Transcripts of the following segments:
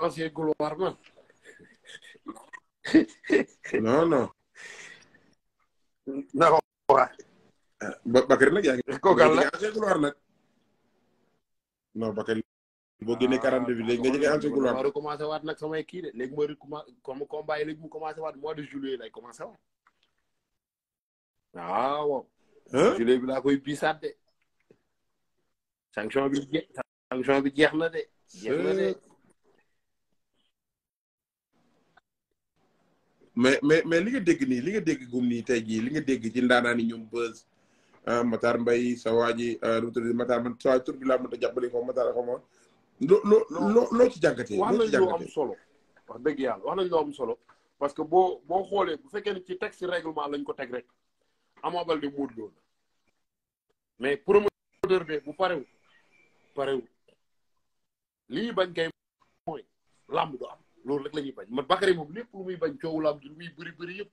ancien gloire man. non non. na ko waay. ba Bakary nag yaa ngi. kooku la ancien gloire nag. non Bakary. boo génnee quarante bi léegi nga jege ancien gloire. ma waat nag samay kii de léegi mooy recommencé comme combat yi léegi mu commencé waat mois de juillet lay commencé waat. waaw. juillet bi koy biisaat de. sanction bi jeex na de. jeex de. mais mais mais li nga dégg nii li nga dégg gum nii tey jii li nga dégg ci ndaanaa ni ñoom Beuz ah, Matar Mbaye sa waa ji ah, nu mu tudd Matar bi laa mënta jàppale ko Matar xaw ma loo loo ci jàngatee wax nañ loo am solo wax dëgg yàlla wax nañ loo am solo parce que boo boo xoolee bu fekkee ne ci texte réglement lañ ko teg rek Ama Baldé Modou Lô la mais promoteur bi bu parewul parewul lii bañ kay mooy làmb du am loolu rek la ñuy bañ ma Bakary moom lépp lu muy bañ coow làmb ji lu muy bëri bëri yëpp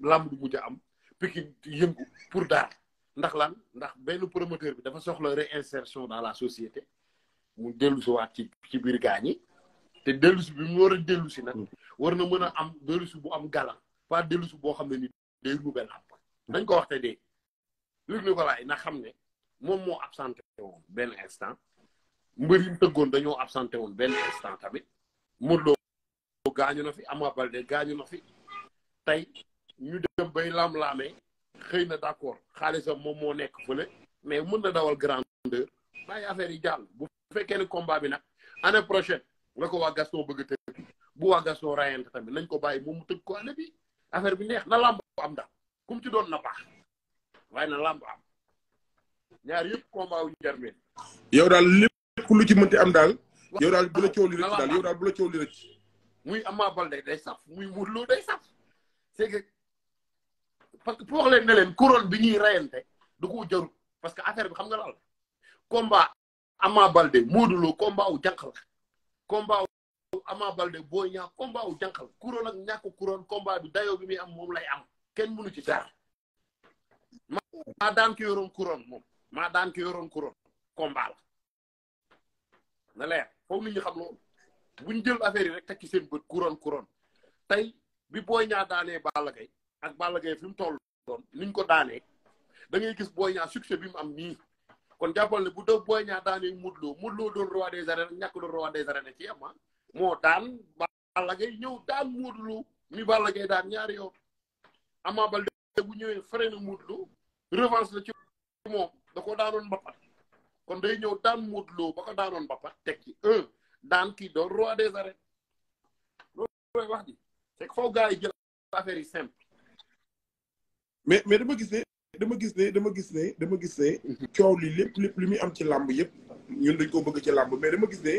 làmb du mujj am Pikine yëngu pour daar ndax lan ndax benn promoteur bi dafa soxla réinsertion dans la société mu dellu si ci ci biir gaañ yi te dellusi bi mu war a dellu si nag mm. war na mën a am dellu bu am galan pas dellu si boo xam ne ni day nouvelle am dañ ko wax te dee Luc na xam ne moom moo absenté woon benn instant mbër yi mu tëggoon dañoo absenté woon benn instant tamit Modou gaañu na fi Ama Baldé gaañu na fi tey ñu dem bay laam-laamee xëy na d'accord xaalisam moom moo nekk fële mais mën na dawal grandeur bàyyi affaire yi jàll bu fekkee ne combat bi nag année prochaine la ko waa Gaston bëgg tëgg bu waa Gaston rayante tamit nañ ko bàyyi moom mu tëgg ko année bi affaire bi neex na làmb am ndax kum ci doon na baax waaye na làmb am ñaar yëpp combat wu jarmeen yow daal lépp lu ci mënti am daal yow daal bu la coow li muy Ama Baldé day saf muy Modou day saf c'est que parce que pour leen ne couronne bi ñuy reyante du ko jarut parce que affaire bi xam nga laal combat Ama Baldé Modou Lô combat wu jànq la combat wu Ama Baldé Boy Niang combat wu couronne ak ñàkk couronne comba bi dayoo bi muy am moom lay am kenn mënu ci dara maa daan ki yoroon couronne moom maa daan ki yoroon couronne combat na leer foofu nit ñi xam loolu bu ñu jël affaire yi rek tekki ci seen bët couronne couronne tey bi Boy Niang daanee Balla Gaye ak Balla Gaye fi mu toll doon ni ko daanee da ngay gis Boy Niang succès bi mu am nii kon jàppal ne bu dee Boy Niang daanee Modou Lo Modou Lo doon roi des arènes ñàkk ah, moo daan Balla Gaye ñëw daan Modou Lo mi Balla daan ñaari yoon Ama Baldé bu ñëwee freiné Modou Lo revanche la ci moom da ko daanoon mbapat kon day ñëw daan Modou Lo ba ko daanoon mbapat teg ci daan kii doon roi des arènes loolu mooy wax ji yi jël mais mais dama gis ne dama gis ne dama gis ne dama gis ne. coow li lépp lépp li muy am ci làmb yëpp ñun dañ ko bëgg ci làmb mais dama gis ne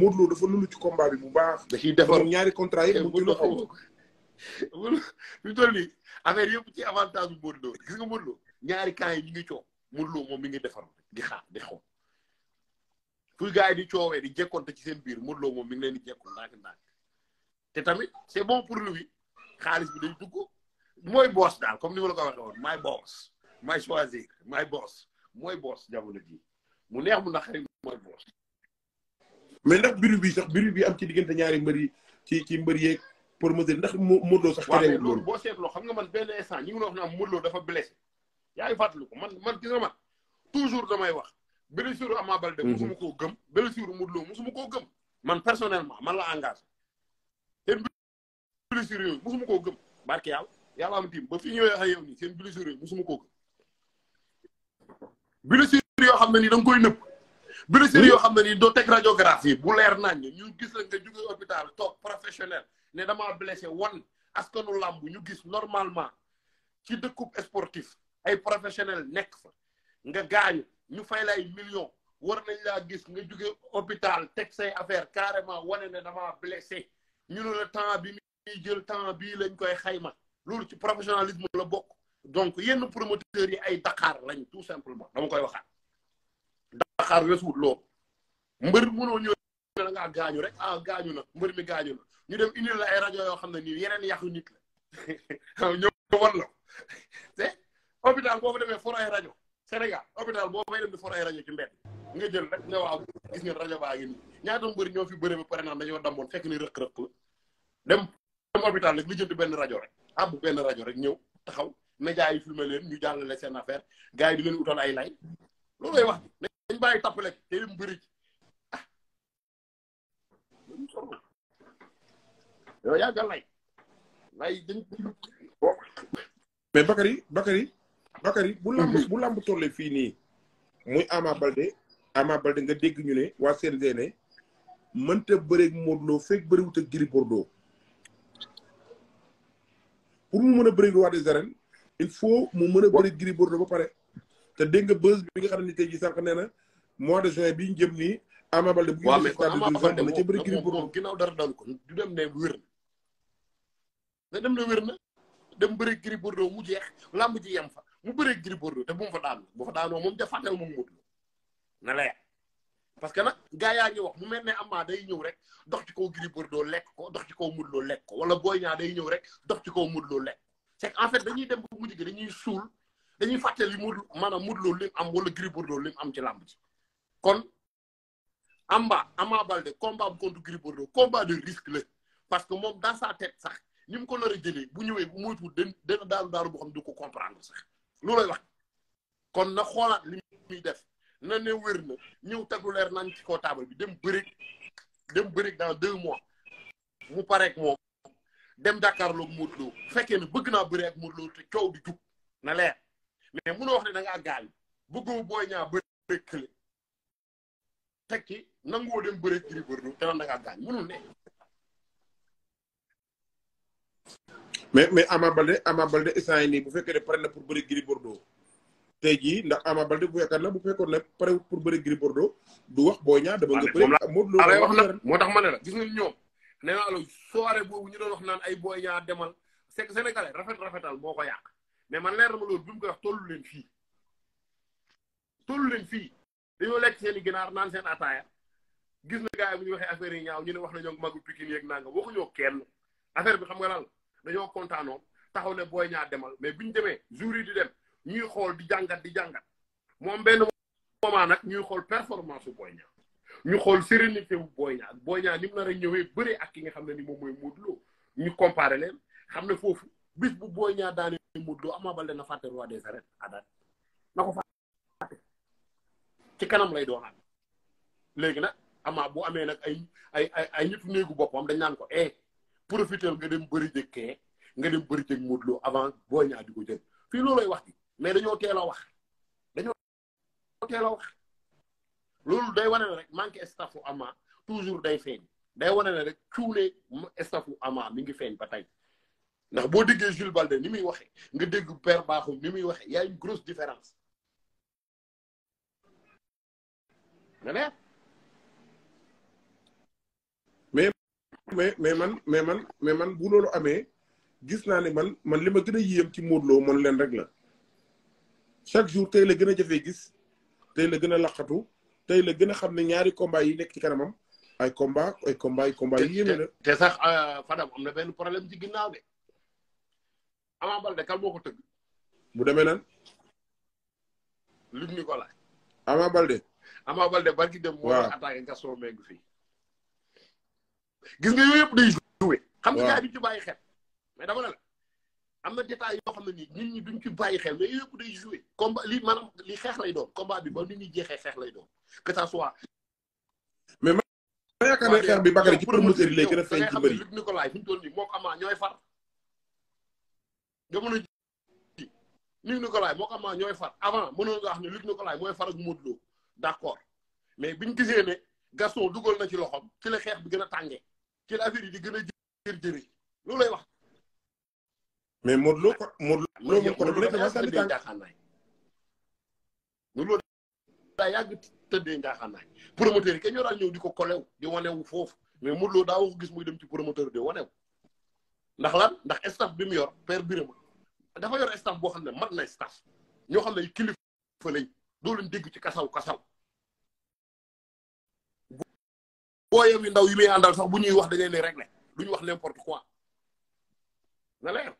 Modou Lo dafa lulu ci combat bi bu baax. da ciy defar ñaari contrat yi mu tudd xaw fi toll nii affaire yëpp ci avantage bu Modou gis nga Modou ñaari camps yi ñu ngi coow Modou moom mi ngi defar di xaar di xool. fuy gars yi di coowee di jekkonte ci seen biir Modou Lo moom mi ngi leen di jekkul ndànk ndànk te tamit c'est bon pour lui xaalis bi day dugg mooy boos daal comme ni ma la ko waxee woon maay boss maay choisir maay boss mooy boss jamono ji mu neex mu naqari mooy boss. mais ndax biru bi sax biru bi am ci diggante ñaari mbër yi ci ci mbër yeeg promoteur ndax Modou Lo sax. terewul loolu loolu boo seetloo xam nga man benn instant ñu ngi doon wax ne dafa blessé yaa ngi ko man man gis nga man toujours damay wax. blessure Ama balde mhm. musuma koo gëm blessure Modou musuma ko gem man personnellement man la engage seen blessure yooyu musuma koo gëm barke yalla yalla am tiim ba fi ñëwee ay yow ni sen blessure yooyu musuma koo gëm blessure yoo xam ni dang koy nëbb blessure yo xamné ni do tek radiographie bu leer nañ ñu gis la nga hôpital tok professionnel né dama blessé won askanu lamb ñu gis normalement ci sportif ay professionnel next, fa nga gañu ñu fay lay million war nañ laa gis nga juge hôpital teg say affaire carrément wane ne damaa blessé ñu ne la temps bi ni jël temps bii lañ koy xayma loolu ci professionnalisme la bokk donc yenn promoteurs yi ay Dakar lañ tout simplement dama koy waxaat Dakar resuut loolu mbër mënoo ñëw ne nga gaañu rek ah gaañu na mbër mi gaañu na ñu dem indil la ay rajo yoo xam ne nii yeneen yàqu nit la ñoo wan la te hôpital boo fa demee for ay rajo Sénégal hôpital boo fay dem di for ay rajo ci mbedd nga jël rek nga waaw rajo baa ngi nii ñaata mbëri ñoo fi bëre ba pare naan dañoo damboon fekk ni rëq rek li jënd benn rajo rek benn rajo rek ñëw taxaw média yi filmé leen ñu jàllale seen affaire gars yi di leen utal ay lay loolu lay wax bi dañ bàyyi tappale te mbëri ci ah lay lay dañ mais Bakary Bakary Bakary bu lamb mhm. bu lamb tollee fii nii muy Ama Balde Ama Balde nga dégg ñu ne waa CNG ne mënta bëreeg Modou Lo fekk bëriwut ak Gris Bordeaux pour mu mën a bëreeg roi des arènes il faut mu mën a bëreeg Gris Bordeaux ba pare te dégg nga buzz bi nga xam ne tey jii sànq nee na mois de juin bi ñu jëm nii Ama Balde bu waaw mais kon Ama Balde moom moom moom ginnaaw dara daal ko du dem ne wér na. na dem ne wér na dem bëreeg Gris Bordeaux jeex lamb ji yem fa. mu bëree Gris Bordeaux te bu mu fa daanu bu fa moom def fàttel moom Modou Lo na leer parce que nag gaa yaa ngi wax mu mel ne Ama day ñëw rek dox ci kaw Gris Bordeaux lekk ko dox ci kaw Modou loo lekk ko wala Boy Niang day ñëw rek dox ci kaw Modou Lo lekk c'est que en fait dañuy dem ba mujj gi dañuy suul dañuy fàttali Modou maanaam Modou Lo lim am wala Gris Bordeaux lim am ci làmb ji kon Amba Ama Baldé combat bu contre Gris Bordeaux combat de risque parce que moom dans sa sax ni ko nar a jëlee bu ñëwee bu moytuwul den den daaru daaru boo xam ko comprendre sax lu la wax kon na xoolaat li muy def na ne wér na ñëw tegu leer nañ ci ko taabal bi dem bërig dem bërig dans deux mois mu pareeg moom dem jàkkaarloog Modou Lo fekkee ne bëgg naa bëri mu Modou Lo te coow di jug na leer mais munoo wax ne da ngaa gaal bëggoo booy ñaa bëri kële tekki nanguwoo dem bëri Gris Bordeaux te naan da ngaa gaal ne mais mais Ama Balde Ama Balde instant yii nii bu fekkee ne pare na pour bëri Gris Bordeaux tey jii ndax Ama Balde bu yaakaar na bu fekkoon ne pare pour bëri Gris Bordeaux du wax boo ñaar dama nga bëri moom wax nag moo tax ma ne la gis nga ñoom nee naa la soirée boobu ñu doon wax naan ay booy ñaar demal c'est que sénégalais rafet rafetal moo ko yàq mais man leer na ma loolu bi mu koy wax tollu leen fii tollu leen fii dañoo lekk seen i naan seen ataaya gis na gars yi bu ñu waxee affaire yi ñaaw ñu ne wax na ñoo ngi magu pikin yeeg nanga waxuñoo kenn affaire bi xam nga lan dañoo kontaanoon taxaw ne booy ñaar demal mais bu ñu demee jour di dem ñuy xool di jàngat di jàngat moom benn moment nag ñuy xool performance bu booy ñaar ñu xool sérénité u booy ñaar booy ñaar ni mu nar a ñëwee bëre ak ki nga xam ne ni moom mooy Modou Lo ñu comparé xam ne foofu bis bu booy ñaar daane Modou Lo Ama Baldé na fàtte roi des arènes adat na ko fàtte ci kanam lay doonaat léegi nag Ama bu amee nag ay ay ay ay ñitu néegu boppam dañ naan ko eh profitel nga dem bëri jëg kee nga dem bëri jëg Modou Lo avant Boy Niang di ko jël fii loolooy wax mais dañoo teel wax dañoo teel wax loolu day wane rek manqué staffu ama toujours day feeñ day wane ne rek cuune staffu ama mi ngi feeñ ba tey ndax boo déggee Jules Balde ni muy waxee nga dégg per Bakhoum ni muy waxee y a une grosse différence nga mais mais man mais man mais man bu loolu amee gis naa ne man man li ma gën a yéem ci Modou Lo leen rek la chaque jour tey la gën a jafee gis tey la gën a laqatu tey la gën a xam ne ñaari combat yi nekk ci kanamam ay combat ay combat ay combat yi yéeme la te sax euh, Fadam am na benn problème ci ginnaaw de Ama Baldé kan moo ko tëgg bu demee nan Luc Nicolaï Ama Balde. Ama Balde barki dem. waaw moo attaqué Gaston Mbengue fii. gis nga yooyu yëpp day joué xam nga gars yi duñ ci bàyyi xel mais dama ne la am na détails yoo xam ne nii nit ñi duñu ci bàyyi xel mais yooyu yëpp day joué combat li maanaam li xeex lay doon combat bi ba nit ñu jeexee xeex lay doon que ça soit mais ma yaakaar ne xeex bi Bakary ci promoteur yi lay gën a feeñ ci bëri Luc Nicolaï fi ñu moo ko amaa ñooy far jamono ji Luc moo ko ñooy far avant mënoon nga wax ne Luc Nicolaï mooy far ak Modou Lo d' accord mais biñ gisee ne Gaston dugal na ci loxoom ci la xeex bi gën a tàngee ci la affaire di gën a jër jëri loolu lay wax. mais Modou Lo ko Modou Lo moom ko nekk dafa sànni tànk Modou Lo daa yàgg tëddee njaaxaanaay promoteur yi kenn ñoo daan ñëw di ko kolew di foofu mais Modou Lo wax gis muy dem ci promoteur di wanew ndax lan ndax staff bi mu yor père Birama dafa yor staff boo xam ne mat na staff ñoo xam ne kilifa lañ doo leen dégg ci kasaw kasaw booyam yu ndaw yu muy àndal sax bu ñuy wax dañuy ne réglé lu ñu wax n'importe quoi na leer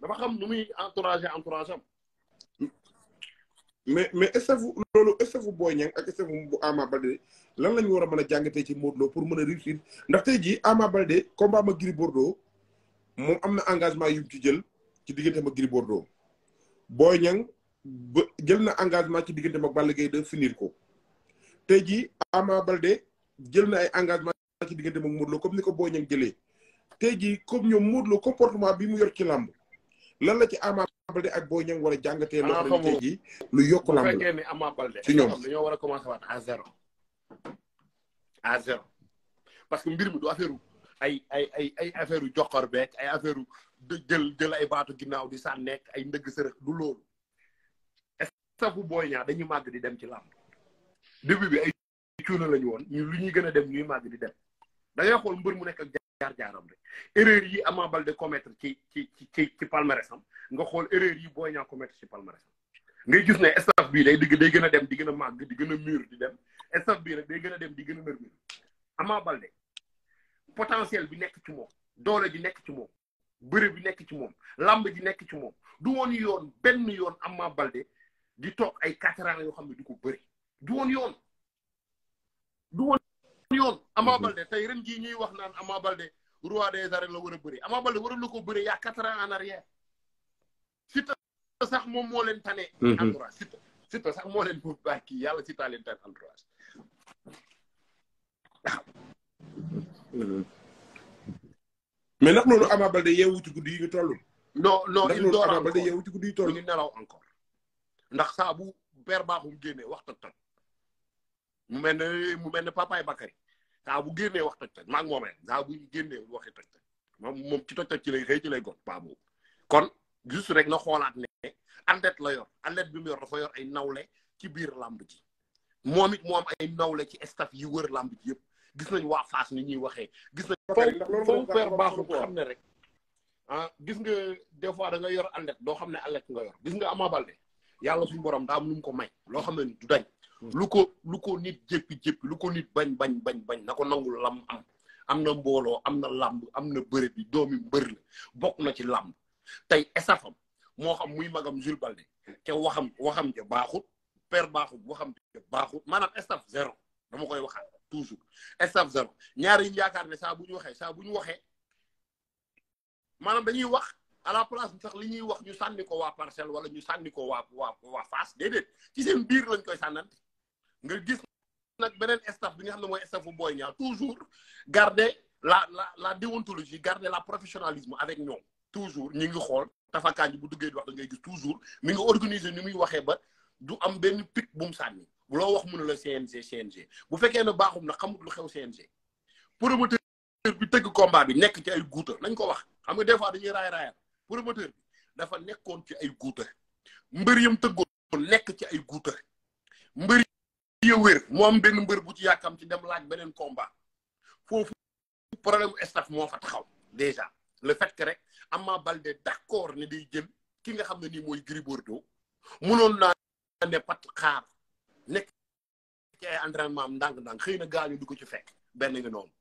dafa xam nu muy entouragé entourage mais mais est-ce que loolu est-ce que Boy Niang ak est-ce que bu Ama Baldé lan la ñu war a mën a jàngatee ci Modou Lo pour mën a réussir ndax tey jii Ama Baldé combat ma Gris Bordeaux moom am na engagement yu ci jël ci diggante ma Gris Bordeaux Boy ba jël na engagement ci diggante ma Balla Gaye de finir ko tey jii Ama Balde jël na ay engagement ci diggante moom Modou Lo comme ni ko Boy Niang jëlee tey jii comme ñoom Modou Lo comportement bi mu yor ci làmb lan la ci Ama Balde ak Boy Niang war a jàngatee. loo xam ne tey lu yokk làmb la bu fekkee ne Ama ñoom dañoo war a commencé waat à zéro parce que mbir mi du affaire ay ay ay ay affaire yu joxor beek ay affaire yu jël jël ay baatu ginnaaw di sànneek ay ndëgg sërëx du loolu. est-ce que bu dañuy màgg di dem ci làmb. début bi ay cuuna la ñu woon ñu lu ñuy gën a dem ñuy màgg di dem dangay xool mbër mu nekk ak jaar jaaram rek erreur yi Ama Baldé commettre ci ci ci ci palmarès am nga xool erreur yi Boy Niang commettre ci palmarès am ngay gis ne staff bii day digg day gën a dem di gën a màgg di gën a mur di dem staff bii nag gën a di gën a mërmur Ama Baldé potentiel bi nekk ci moom doole ji nekk ci moom bëre bi nekk ci moom lamb ji nekk ci moom du woon yoon benn yoon Ama Baldé di toog ay quatre yoo xam ne du ko bëri du yoon du woon yoon Ama mhm. Baldé ren jii ñuy wax naan Ama Baldé roi de arènes la war a bëri Ama Baldé waroon na ko bëri yaa quatre ans en arrière Siteu sax moom moo leen tane mhm. entourage Siteu Siteu sax moo leen boobu baax kii yàlla Siteu leen tane entourage waaw mhm. mais ndax loolu Ama Baldé yeewu ci ñu toll non non il dort Ama Baldé yeewu ci guddi yi toll ñu nelaw encore ndax saa bu père baaxum génnee waxta tan mu mel ne mu mel ne papaay Bakary saa bu génnee wax toj toj maa ngi moomee saa bu génnee waxe toj toj moom moom ci toj toj ci lay xëy ci lay gon paa kon juste rek na xoolaat ne athlète la yor athlète bi mu yor dafa yor ay nawle ci biir làmb ji moom it moom ay nawle ci staff yi wër làmb ji yëpp gis nañ waa Fass ni ñuy waxee gis nañ foo fer baaxul xam ne rek ah gis nga des fois da nga yor athlète doo xam ne athlète nga yor gis nga Ama Baldé yàlla suñu borom daa am ko may loo xam ne du dañ lu ko lu ko nit jéppi jéppi lu ko nit bañ bañ bañ bañ na ko nangul lam am am na mbooloo am na làmb am na bëre bi doomi mbër la bokk na ci làmb tey esafam moo xam muy magam Jules Balde te waxam waxam ja baaxut père baaxut waxam ja baaxut maanaam estaf zéro dama koy waxat toujours estaf zéro ñaar yi ne saa bu ñu waxee saa bu ñu waxee maanaam dañuy wax à la place sax li ñuy wax ñu sànni ko waa parcelle wala ñu sànni ko waa waa waa face seen biir lañ koy sànnante nga gis nag beneen staff bi nga xam ne mooy staffu mbooy Niang toujours garder la la la déontologie garder la professionnalisme avec ñoom toujours ñi ngi xool tafakaan yi bu duggee di wax da ngay gis toujours mi ngi organiser ni muy waxee ba du am benn pic bu mu sànni loo wax mu ne la CNG CNG bu fekkee ne baaxum na xamut lu xew CNG promoteur bi tëgg combat bi nekk ci ay guuta nañ ko wax xam nga des fois dañuy raay raayal promoteur bi dafa nekkoon ci ay guuta mbër yam tëggoon nekk ci ay guuta mbër yu wér mu benn mbër bu ci yàkkam ci dem laaj beneen combat foofu problème staff moo fa taxaw déjà le fait que rek Ama Baldé d'accord ne day jël ki nga xam ne nii mooy Gris Bordeaux munoon naa ne pat xaar nekk ci ay entraînement am xëy na gaañu du ko ci fekk benn nga noonu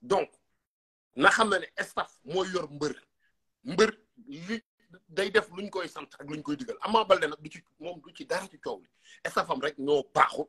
donc na xam na ne staff mooy yor mbër mbër li day def ñu koy sant ak luñ koy digal amaa Baldé nag du ci moom du ci dara ci coow li staffam rek ñoo baaxut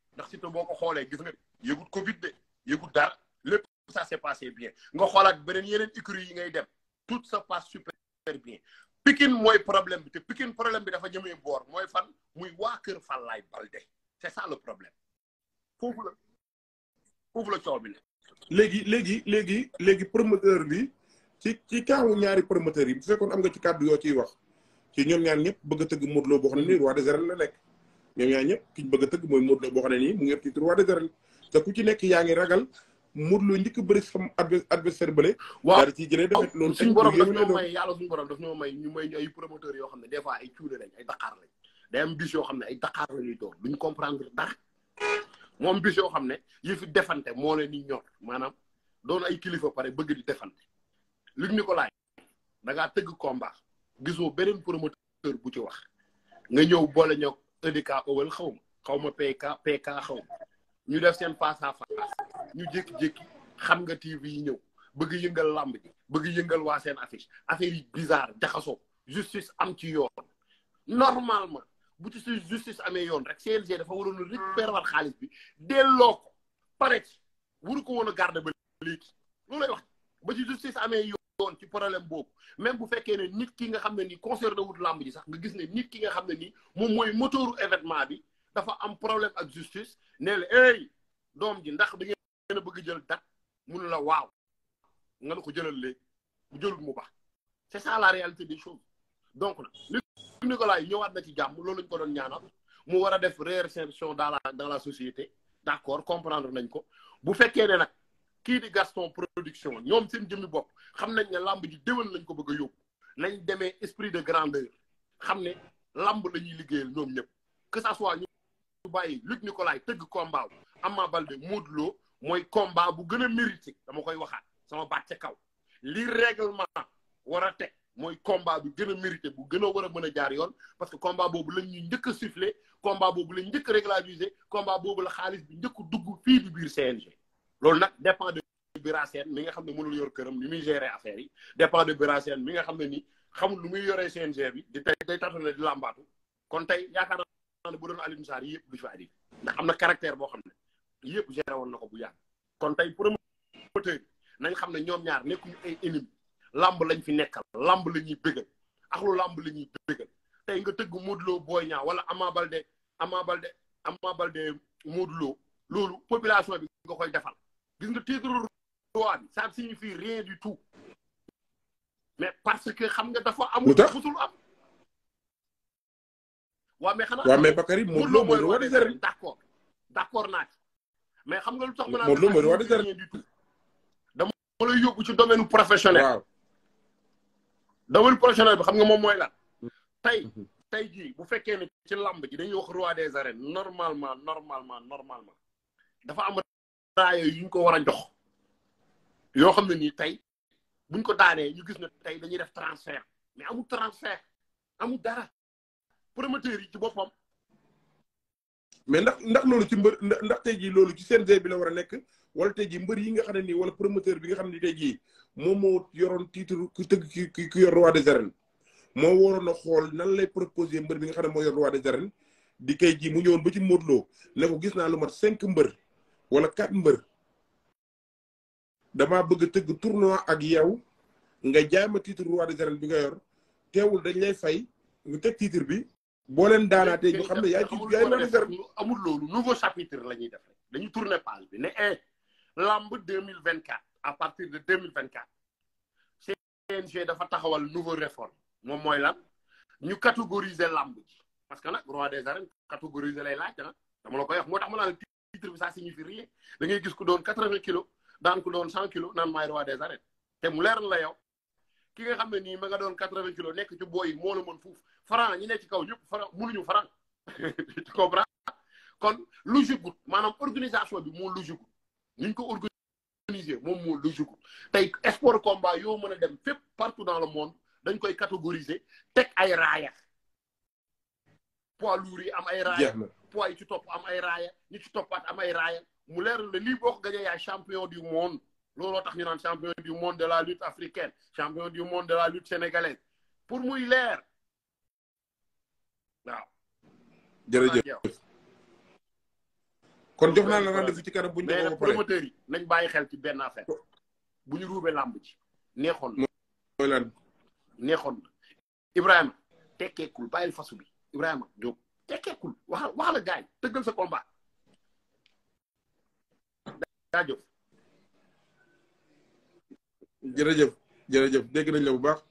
ndax Siteu boo ko xoolee gis nga yëgut Covid de yëgut dal lepp ça s'est passé bien nga xolat benen yenen écurie yi ngay dem tout ça passe super bien Pikine moy problème bi te Pikine problème bi dafa jëmee bor moy fan muy waa kër Fallaye Balde c'est ça le problème foofu la foofu la coow bi ne légui léegi léegi léegi promoteur bi ci ci kaawu ñaari promoteur yi bu fekkoon am nga ci cadre yo ci wax ci ñom ñaar ñep bëgg teug modlo bo Lo boo roi des arènes la lek ñoom ñaar ñëpp ki ñu bëgg tëgg mooy Modou Lo boo xam ne nekk yaa ngi ragal Modou Lo njëkk a bëri sama adversaire bële. waaw daal di ciy jëlee defet loolu. suñu borom daf ñoo may yàlla suñu borom daf ñoo may ñu may ñu ay promoteurs yoo xam ne des fois ay cuune lañ ay daqaar lañ am ne ay daqaar la ñuy door duñ comprendre dara moom bis yoo xam ne yi fi defante moo leen di ñor maanaam doon ay kilifa pare bëgg di defante Luc Nicolaï da ngaa tëgg combat gisoo beneen promoteur bu ci wax nga ñëw boole ñoog EDK owel xaw ma xaw ma PK PK xaw ñu def seen face à ñu jékki-jékki xam nga TV yi ñëw bëgg yëngal làmb ji bëgg yëngal waa seen affiche affaire yi bizarre jaxasoo justice am ci yoon normalement bu ci si justice amee yoon rek CNG dafa waroon a récupérer war xaalis bi delloo ko pare ci ko woon a garder ba léegi loolay wax ba justice amee yoon woon ci problème boobu même bu fekké né nit ki nga xamné ne ni concerné wut lamb ji sax nga gis né nit ki nga xamné ni mom moy moteur événement bi dafa am problème ak justice né le hey dom ji ndax da ngeen bëgg jël date mënu la waw nga la ko jëlal léegi bu jëlul mu bax c'est ça la réalité des choses donc nag Luc Nicolaï ñëwaat na ci jàmm loolu lañ ko doon ñaanal mu wara def réinsertion dans la dans la société d'accord comprendre nañ ko bu fekkee ne nag qui di Gaston production ñoom seen jëmmi bopp xam nañ ne làmb ji déwén lañ ko bëgg a yóbbu lañ demee esprit de grandeur xam ne làmb la ñuy liggéeyal ñoom ñëpp que ça soit ñu bàyyi Luc Nicolas, tëgg combat Amma Ama Baldé moy combat bu gëna a mérité dama koy waxat sama baat kaw li règlement wara a moy combat bu gëna mérité bu gëna wara mëna jaar yoon parce que combat bobu lañ ñu njëkk siffler combat bobu lañ njëkk régulariser combat bobu la xaalis bi njëkk dugg fi bi biir CNG loolu nag dépend de Bira mi nga xam ne mënul yor këram ni muy gérer affaire yi dépend de Bira Sène nga xam ne ni xamul lu muy yoree CNG bi di tey day tartale di làmbaatu kon tey yaakaar naa ne bu doon Alioune Sarr yi yëpp du fi adi ndax am na caractère boo xam ne yëpp gérer woon na ko bu yàgg kon tey promoteur yi nañ xam ne ñoom ñaar nekkuñu ay ennemi làmb lañ fi nekkal làmb la ñuy bëggal ak làmb la ñuy bëggal tey nga tëgg Modou Lo Boy Niang wala Ama Baldé Ama Baldé Ama Baldé Modou Lo loolu population bi nga koy defal gis nga titre roi bi ça ne signifie rien du tout mais parce que xam nga dafa amul musul am waaw mais xanaa waaw mais Bakary Modou Lo mooy naa mais xam nga lu tax ma naan Modou Lo des arènes du tout dama lay yóbbu ci domaine professionnel waaw domaine professionnel bi xam nga moom mooy la mm-hmm. tey tey jii bu fekkee ne ci làmb ji dañuy wax roi des arènes normalement normalement normalement dafa am raaya yu ñu ko war a jox yoo xam ne nii tey buñ ko daanee ñu gis na tey dañuy def transfert mais amul transfert amul dara promoteur yi ci boppam. mais ndax ndax loolu ci mbër ndax te jii loolu ci CNG bi la war a nekk wala te jii mbër yi nga xam ne nii wala promoteur bi nga xam ne tey jii moom moo yoroon titre ku tëgg ki ki yor roi des arènes moo waroon a xool nan lay proposer mbër bi nga xam ne moo yor roi des arènes di ke ji mu ñëwoon ba ci Modou Lo ne ko gis naa lu mat cinq mbër. wala kat mbër dama bëgg tëgg tournoi ak yow nga jaay ma titre roi des arènes bi nga yor teewul dañ lay fay nga teg titre bi boo leen daanaatee ñu xam ne yaay titre yaay roi des arènes amul loolu nouveau chapitre la ñuy def rek dañu tourner page bi ne eh lamb deux mille vingt quatre à partir de deux mille vingt quatre CNG dafa taxawal nouveau réforme moom mooy lan ñu catégoriser lamb ji parce que nag roi des arènes catégoriser lay laaj ah dama la koy titre bi ça signifie da ngay gis ku doon quatre-vingts kilos daan ku doon cent kilos naan maay roi des arènes te mu leer na la yow ki nga xam ne nii ma nga doon quatre-vingts kilo nekk ci booy yi moo la moon fuuf franc ñi nekk ci kaw ñëpp franc mënuñu franc tu comprends kon lu gut maanaam organisation bi moo logique gut ñu ko organiser moom moo lu gut tey sport combat yoo mën a dem fépp partout dans le monde dañ koy catégoriser teg ay raaya poids am ay raaya poids yi ci topp am ay raaya ci toppaat am ay mu leer la lii boo ko gañee yaay champion tax ñu naan champion du monde de la lutte africaine champion du monde pour muy leer waaw. jërëjëf kon jox na la rendez-vous ci kanam bu ñu demee ba yi nañ bàyyi xel ci benn affaire bu ñu ruubee làmb ci neexoon neexoon na Ibrahima tekkeekul bàyyil fasu bi Ibrahima Diop. tekkeekul wax wax gaañ gaay tëggal sa combat jërëjëf jërëjëf dégg nañ la bu baax